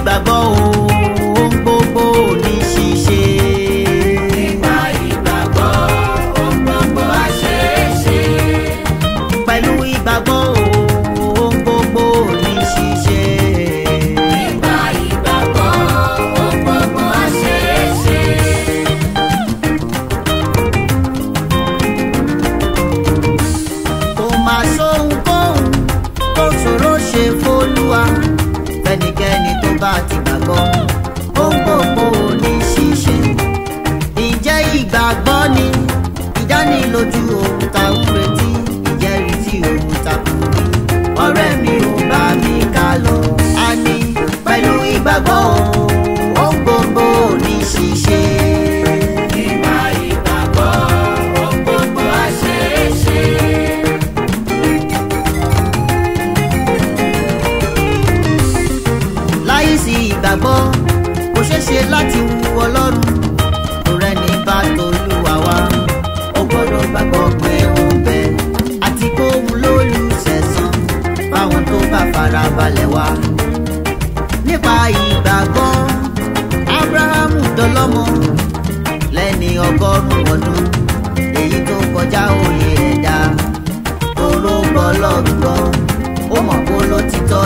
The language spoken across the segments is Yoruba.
vida tá bom gbàgbọ́ kò ṣeé ṣe láti wu ọlọ́run kò rẹ́ni bá tolúwa wá ó gbọ́dọ̀ gbàgbọ́ pé ó ń bẹ àti kó òun lólùṣẹ̀san báwọn tó bá fara balẹ̀ wá. nípa ìgbàgbọ́ Ábúráhámù dọlọ́mọ lẹ́ni ọgọ́rùn-ún ọdún èyí tó kọjá òye ẹ̀dá tó ló gbọ́ lọ́gbọ́ ó mọ̀ kó ló ti tọ́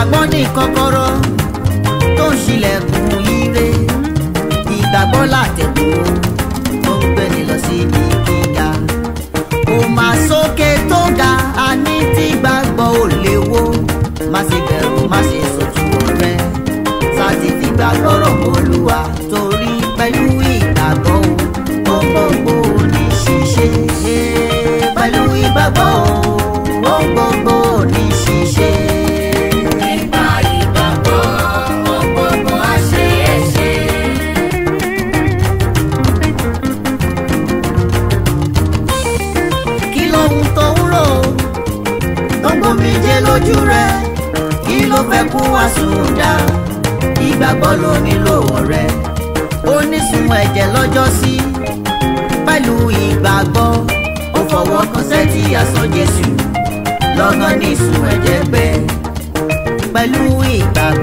ìgbàgbọ́ ní kọ́kọ́rọ́ tó ń ṣílẹ̀kùn ire ìgbàgbọ́ látẹ̀kùn ó ń gbẹ̀ni lọ sí ibi gíga kò má sókè tó ga a ní tí gbàgbọ́ ò léwó má ṣe bẹ̀rù má ṣe sọ̀tún rẹ sáti fi gbàgbọ́ rò olúwa torí pẹ̀lú ìgbàgbọ́ ohun gbogbo ní ṣíṣe pẹ̀lú ìgbàgbọ́ ohun. ọgbọ́n méje lójú rẹ kí ló fẹ́ kó wá sùn dá ìgbàgbọ́ ló nílò rẹ ó ní sun ẹ̀jẹ̀ lọ́jọ́ sí pẹ̀lú ìgbàgbọ́ ó fọwọ́ kan sẹ́tì aṣọ Jésù lọ́gán ní sun ẹ̀jẹ̀ pé pẹ̀lú ìgbàgbọ́.